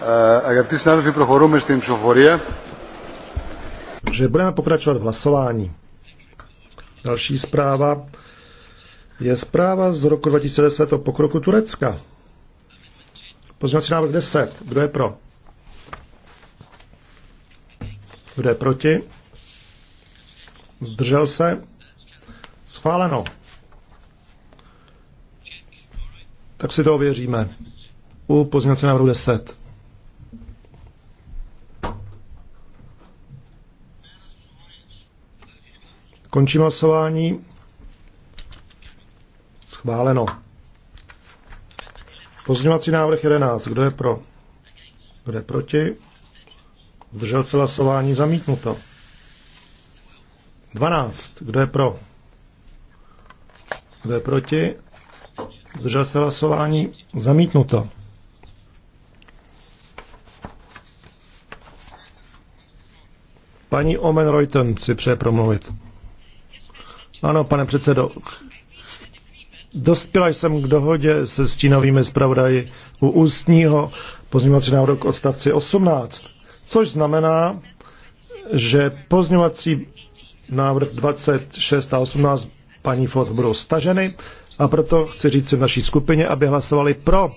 Eh, αγαπητοί συνάδελφοι, προχωρούμε στην ψηφοφορία. Že budeme pokračovat v hlasování. Další zpráva je zpráva z roku 2010 o pokroku Turecka. Pozměňovací návrh 10. Kdo je pro? Kdo je proti? Zdržel se? Schváleno. Tak si to ověříme. U pozměňovacího návrhu 10. Končím hlasování. Schváleno. Pozměňovací návrh 11. Kdo je pro? Kdo je proti? Zdržel se hlasování zamítnuto. 12. Kdo je pro? Kdo je proti? Zdržel se hlasování zamítnuto. Paní Omen Reuten si přeje promluvit. Ano, pane předsedo. Dospěla jsem k dohodě se stínovými zpravodaji u ústního pozměňovací návrhu k odstavci 18, což znamená, že pozměňovací návrh 26 a 18 paní Ford budou staženy a proto chci říct v naší skupině, aby hlasovali pro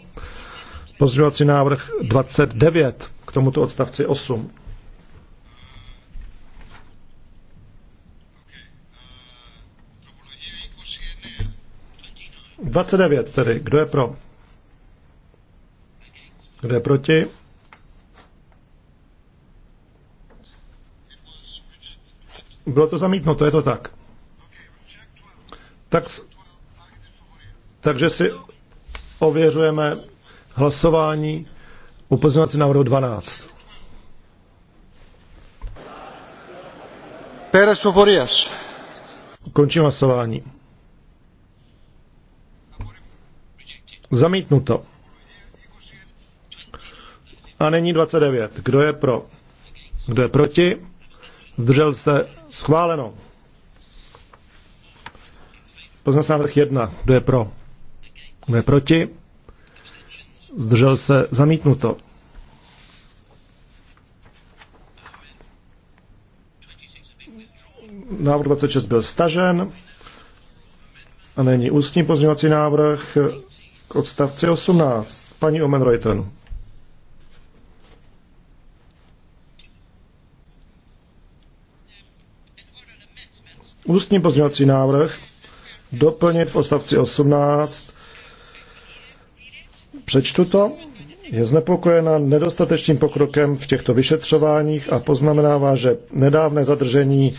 pozměňovací návrh 29 k tomuto odstavci 8. 29 tedy. Kdo je pro? Kdo je proti? Bylo to zamítnuto, je to tak. tak takže si ověřujeme hlasování u pozměňovací návrhu 12. Pérez Končím hlasování. Zamítnuto. A není 29. Kdo je pro? Kdo je proti? Zdržel se? Schváleno. Poznací návrh 1. Kdo je pro? Kdo je proti? Zdržel se? Zamítnuto. Návrh 26 byl stažen. A není ústní pozměňovací návrh. K odstavci 18. Paní Omen Reuten. Ústní pozměňovací návrh doplnit v odstavci 18. Přečtu to. Je znepokojena nedostatečným pokrokem v těchto vyšetřováních a poznamenává, že nedávné zadržení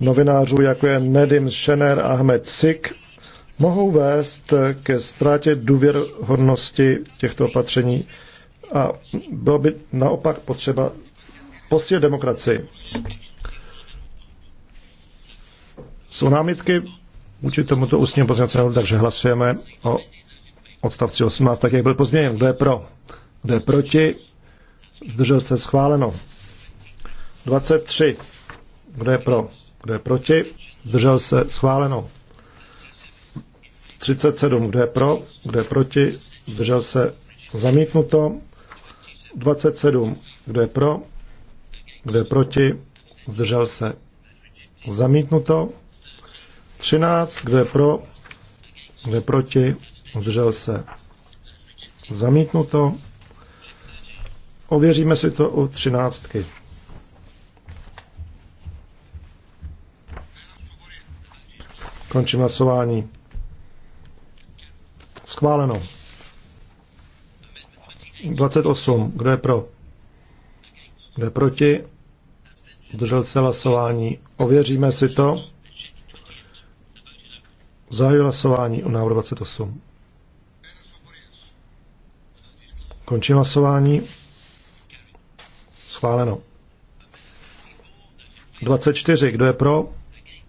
novinářů, jako je Nedim Schener a Ahmed Sik, mohou vést ke ztrátě důvěrhodnosti těchto opatření a bylo by naopak potřeba posílit demokracii. Jsou námitky vůči tomuto ústnímu pozměnacímu, takže hlasujeme o odstavci 18, tak jak byl pozměněn. Kdo je pro? Kdo je proti? Zdržel se schváleno. 23. Kdo je pro? Kdo je proti? Zdržel se schváleno. 37, kdo je pro, kdo je proti, zdržel se zamítnuto. 27, kdo je pro, kdo je proti, zdržel se zamítnuto. 13, kdo je pro, kdo je proti, zdržel se zamítnuto. Ověříme si to u třináctky. Končím hlasování. Schváleno. 28. Kdo je pro? Kdo je proti? Držel se hlasování. Ověříme si to. Zahajuji hlasování o návrhu 28. Končím hlasování. Schváleno. 24. Kdo je pro?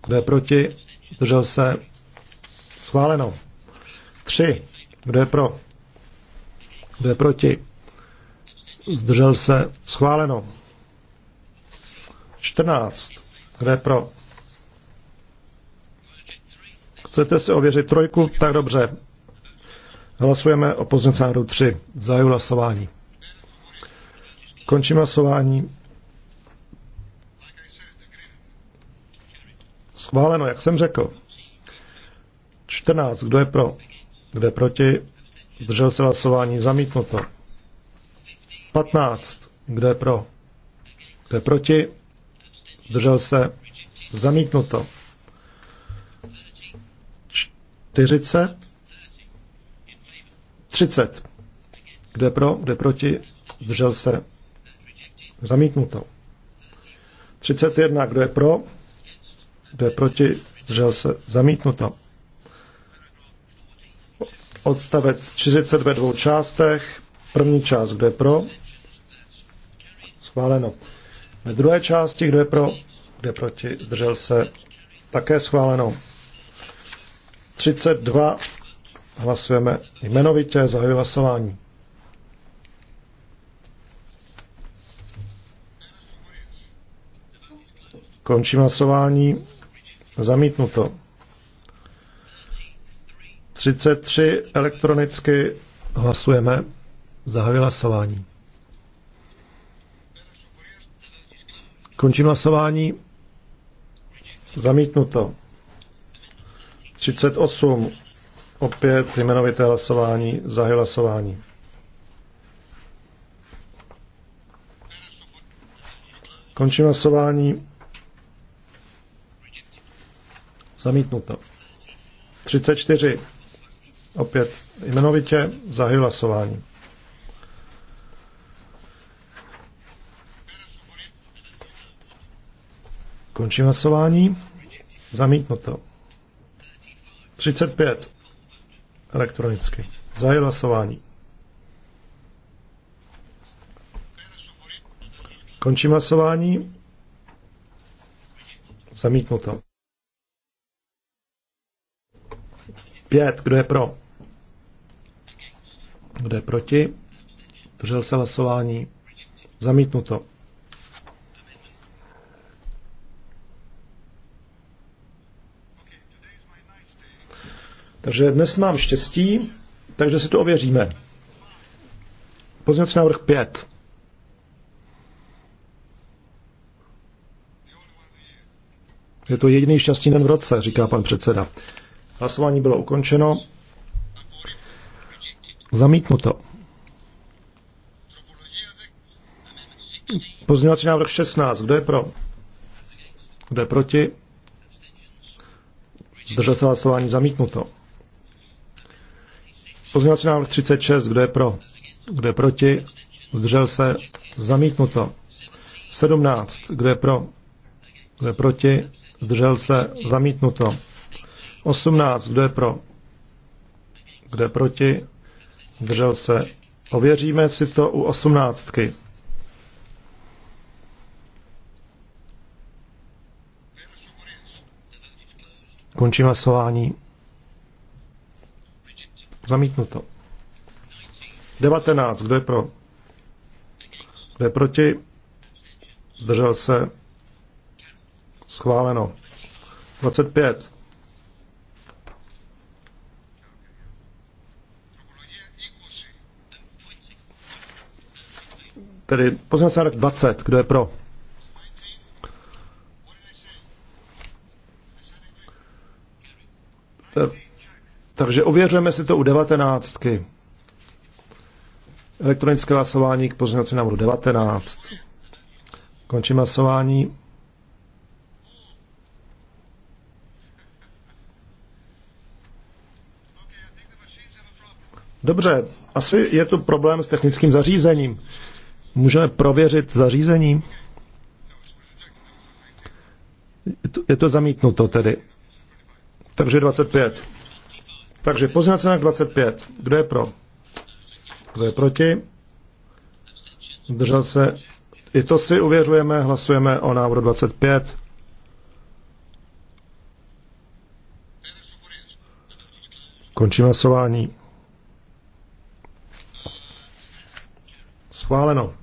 Kdo je proti? Držel se? Schváleno. Tři, Kdo je pro? Kdo je proti? Zdržel se? Schváleno. 14. Kdo je pro? Chcete si ověřit trojku? Tak dobře. Hlasujeme o pozici návrhu 3. Zahaju hlasování. Končím hlasování. Schváleno, jak jsem řekl. 14. Kdo je pro? Kdo je proti? Zdržel se hlasování. Zamítnuto. 15. Kdo je pro? Kdo je proti? Zdržel se. Zamítnuto. 40. 30. Kdo je pro? Kdo je proti? Zdržel se. Zamítnuto. 31. Kdo je pro? Kdo je proti? Zdržel se. Zamítnuto odstavec 40 ve dvou částech. První část, kdo je pro? Schváleno. Ve druhé části, kdo je pro? Kdo je proti? Zdržel se. Také schváleno. 32. Hlasujeme jmenovitě. Zahajuji hlasování. Končím hlasování. Zamítnuto. 33 elektronicky hlasujeme. Zahajuji hlasování. Končím hlasování. Zamítnuto. 38. Opět jmenovité hlasování. Zahajuji hlasování. Končím hlasování. Zamítnuto. 34. Opět jmenovitě zahajuji hlasování. Končím hlasování. Zamítnuto. 35. Elektronicky. Zahajuji hlasování. Končím hlasování. Zamítnuto. Pět. Kdo je pro? Kdo je proti? Držel se hlasování. Zamítnuto. Takže dnes mám štěstí, takže si to ověříme. Pozměňovací návrh 5. Je to jediný šťastný den v roce, říká pan předseda. Hlasování bylo ukončeno. Zamítnuto. Pozměňovací návrh 16. Kdo je pro? Kdo je proti? Zdržel se hlasování zamítnuto. Pozměňovací návrh 36. Kdo je pro? Kdo je proti? Zdržel se zamítnuto. 17. Kdo je pro? Kdo je proti? Zdržel se zamítnuto. 18. Kdo je pro? Kdo je proti? Držel se. Ověříme si to u osmnáctky. Končím hlasování. Zamítnuto. 19. Kdo je pro? Kdo je proti? Zdržel se. Schváleno. 25. Tedy pozměňovací návrh 20. Kdo je pro? Eh, takže ověřujeme si to u 19. Elektronické hlasování k pozměňovacímu návrhu 19. Končím hlasování. Dobře, asi je tu problém s technickým zařízením. Můžeme prověřit zařízení? Je to zamítnuto tedy. Takže 25. Takže pozměňovací na 25. Kdo je pro? Kdo je proti? Zdržel se? I to si uvěřujeme, hlasujeme o návrhu 25. Končím hlasování. Schváleno.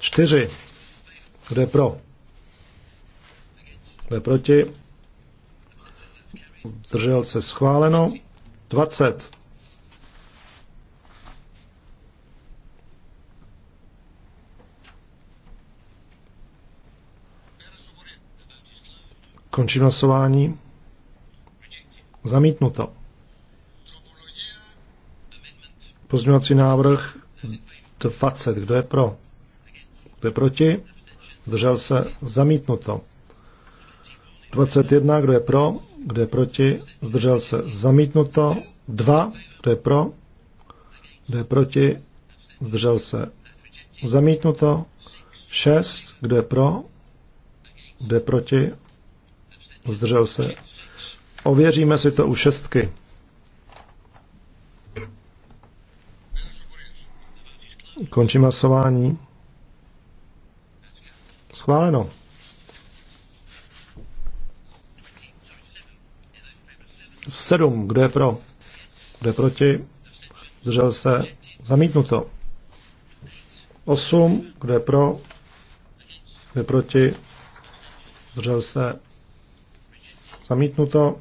4. Kdo je pro? Kdo je proti? Zdržel se schváleno. 20. Končím hlasování. Zamítnuto. Pozměňovací návrh 20. Kdo je pro? Kdo je proti? Zdržel se? Zamítnuto. 21. Kdo je pro? Kdo je proti? Zdržel se? Zamítnuto. 2. Kdo je pro? Kdo je proti? Zdržel se? Zamítnuto. 6. Kdo je pro? Kdo je proti? Zdržel se? Ověříme si to u šestky. Končím hlasování. Schváleno. Sedm. Kdo je pro? Kdo je proti? Zdržel se? Zamítnuto. Osm. Kdo je pro? Kdo je proti? Zdržel se? Zamítnuto.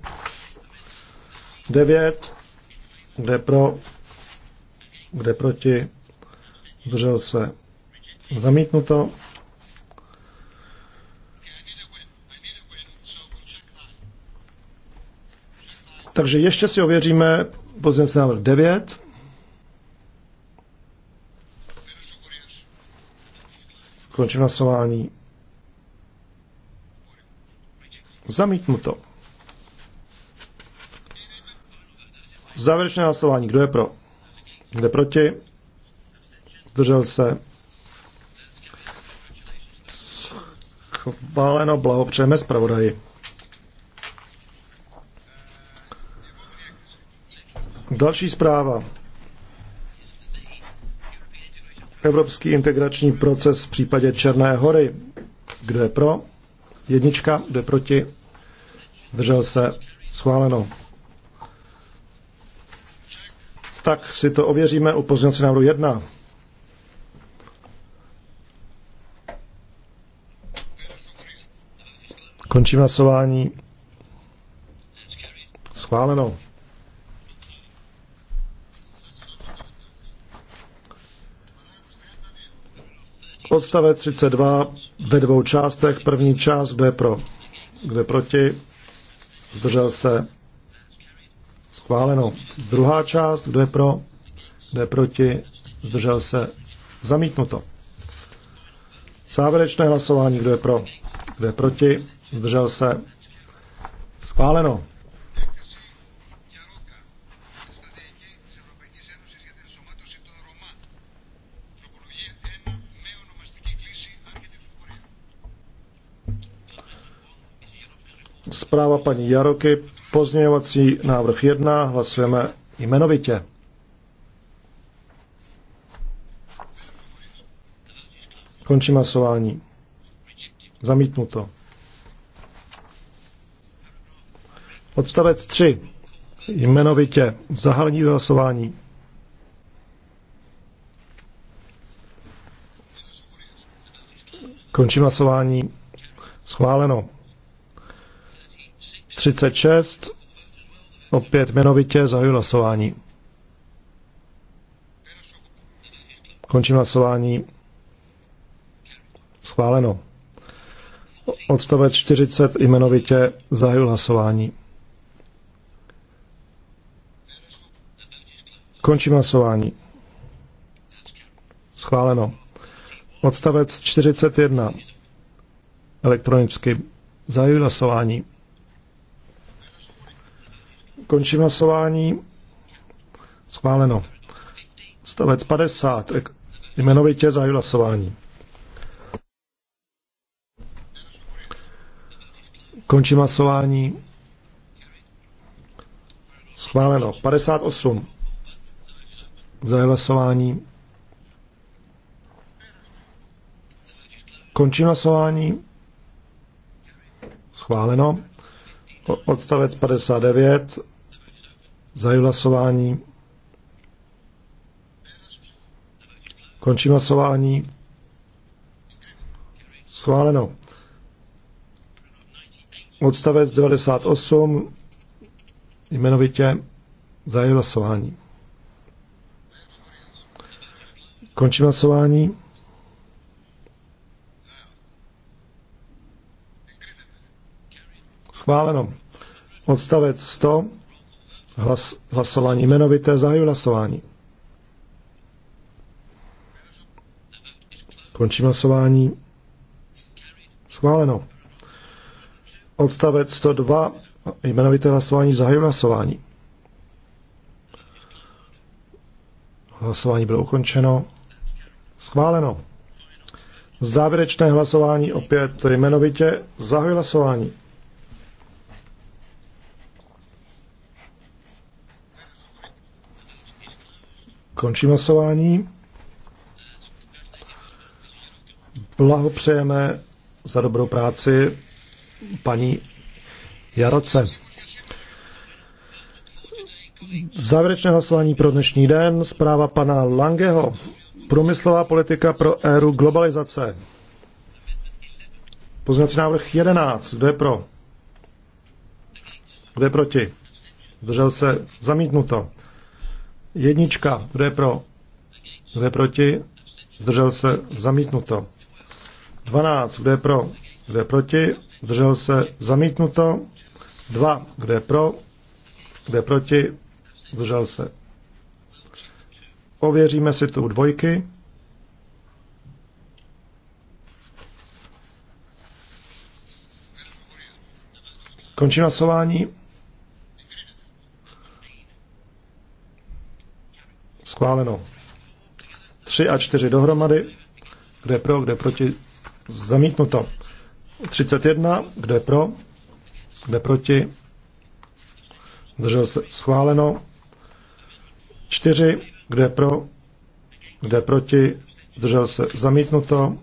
Devět. Kdo je pro? Kdo je proti? Zdržel se? Zamítnuto. Takže ještě si ověříme pozměnce návrh 9. Končím hlasování. to. Závěrečné hlasování. Kdo je pro? Kdo je proti? Zdržel se? Schváleno, blahopřejeme zpravodaji. Další zpráva. Evropský integrační proces v případě Černé hory. Kdo je pro? Jednička, kdo je proti? Držel se schváleno. Tak si to ověříme u pozměnce návrhu 1. Končím hlasování. Schváleno. Odstavec 32 ve dvou částech. První část, kdo je pro, kdo je proti, zdržel se, schváleno. Druhá část, kdo je pro, kdo je proti, zdržel se, zamítnuto. Závěrečné hlasování, kdo je pro, kdo je proti, zdržel se, schváleno. Zpráva paní Jaroky, pozměňovací návrh 1, hlasujeme jmenovitě. Končím hlasování. Zamítnuto. Odstavec 3. Jmenovitě Zahalní hlasování. Končím hlasování. Schváleno. 36. Opět jmenovitě zahajuji hlasování. Končím hlasování. Schváleno. Odstavec 40 jmenovitě zahajuji hlasování. Končím hlasování. Schváleno. Odstavec 41. Elektronicky zahajuji hlasování. Končím hlasování. Schváleno. Stavec 50. Jmenovitě zahajuji hlasování. Končím hlasování. Schváleno. 58. Zahajuji hlasování. Končím hlasování. Schváleno. Odstavec 59. Zahajuji hlasování. Končím hlasování. Schváleno. Odstavec 98, jmenovitě zahajuji hlasování. Končím hlasování. Schváleno. Odstavec 100 hlas, hlasování jmenovité, zahajuji hlasování. Končím hlasování. Schváleno. Odstavec 102, jmenovité hlasování, zahajuji hlasování. Hlasování bylo ukončeno. Schváleno. Závěrečné hlasování opět jmenovitě, zahajuji hlasování. Končím hlasování. Blahopřejeme za dobrou práci paní Jaroce. Závěrečné hlasování pro dnešní den. Zpráva pana Langeho. Průmyslová politika pro éru globalizace. Pozměňovací návrh 11. Kdo je pro? Kdo je proti? Držel se zamítnuto. Jednička, kdo je pro? Kdo je proti? Zdržel se zamítnuto. 12, kdo je pro? Kdo je proti? Zdržel se zamítnuto. 2, kdo je pro? Kdo je proti? Zdržel se. Ověříme si tu dvojky. Končí hlasování. Schváleno. Tři a čtyři dohromady. Kdo je pro, kdo je proti? Zamítnuto. 31. Kdo je pro? Kdo je proti? Držel se schváleno. 4. Kdo je pro? Kdo je proti? Držel se zamítnuto.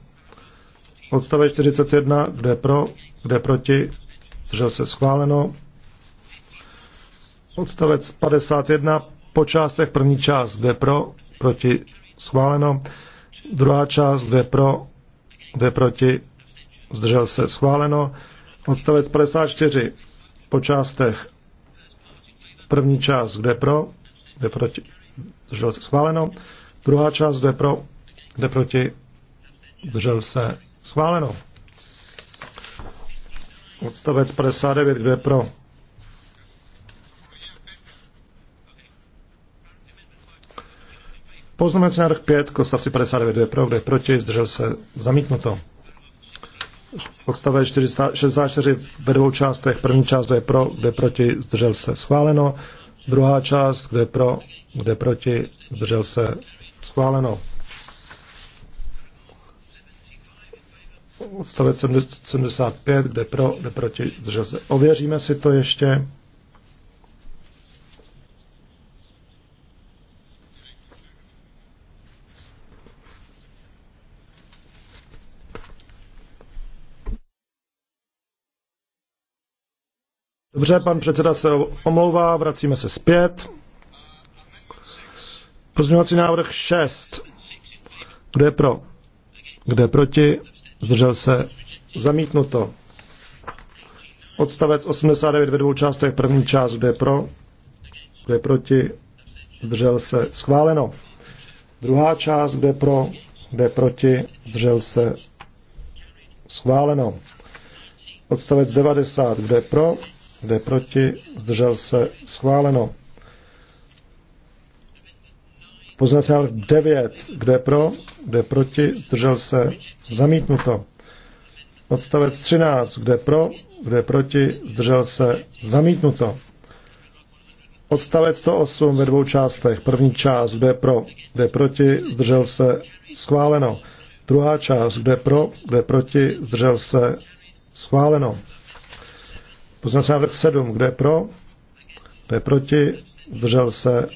Odstavec 41. Kdo je pro? Kdo je proti? Držel se schváleno. Odstavec 51 po částech první část, jde pro, proti, schváleno, druhá část, jde pro, jde proti, zdržel se, schváleno, odstavec 54, po částech první část, jde pro, jde proti, zdržel se, schváleno, druhá část, jde pro, jde proti, zdržel se, schváleno. Odstavec 59, kde pro, Poznamenací návrh 5 kostavci 59 je pro, kde proti, zdržel se zamítnuto. Odstavec 64 ve dvou částech. První část, kdo je pro, kde proti, zdržel se schváleno. Druhá část, kde je pro, kde proti, zdržel se schváleno. Odstavec 75, kde pro, kde proti, zdržel se. Ověříme si to ještě. Dobře, pan předseda se omlouvá, vracíme se zpět. Pozměňovací návrh 6. Kdo je pro? Kdo je proti? Zdržel se? Zamítnuto. Odstavec 89 ve dvou částech. První část, kdo je pro? Kdo je proti? Zdržel se? Schváleno. Druhá část, kdo je pro? Kdo je proti? Zdržel se? Schváleno. Odstavec 90, kdo je pro? Kdo je proti? Zdržel se? Schváleno. Poznací návrh 9. Kdo je pro? Kdo je proti? Zdržel se? Zamítnuto. Odstavec 13. Kdo je pro? Kdo je proti? Zdržel se? Zamítnuto. Odstavec 108 ve dvou částech. První část, kde je pro, kde je proti, zdržel se, schváleno. Druhá část, kde je pro, kde je proti, zdržel se, schváleno. Pozměňovací návrh 7. Kdo je pro? Kdo je proti? Zdržel se?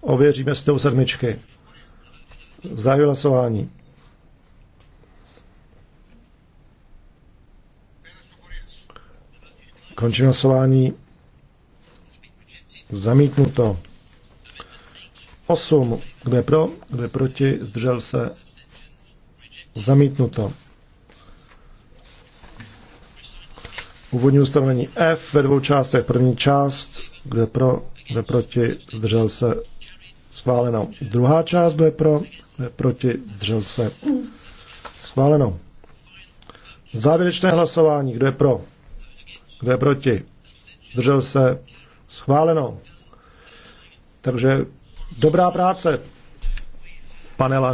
Ověříme s tou sedmičky. Zahajuji hlasování. Končím hlasování. Zamítnuto. 8. Kdo je pro? Kdo je proti? Zdržel se? Zamítnuto. Původní ustanovení F ve dvou částech. První část, kde pro, kde proti, zdržel se schváleno. Druhá část, kde pro, kde proti, zdržel se schváleno. Závěrečné hlasování, kde pro, kde proti, zdržel se schváleno. Takže dobrá práce, panela.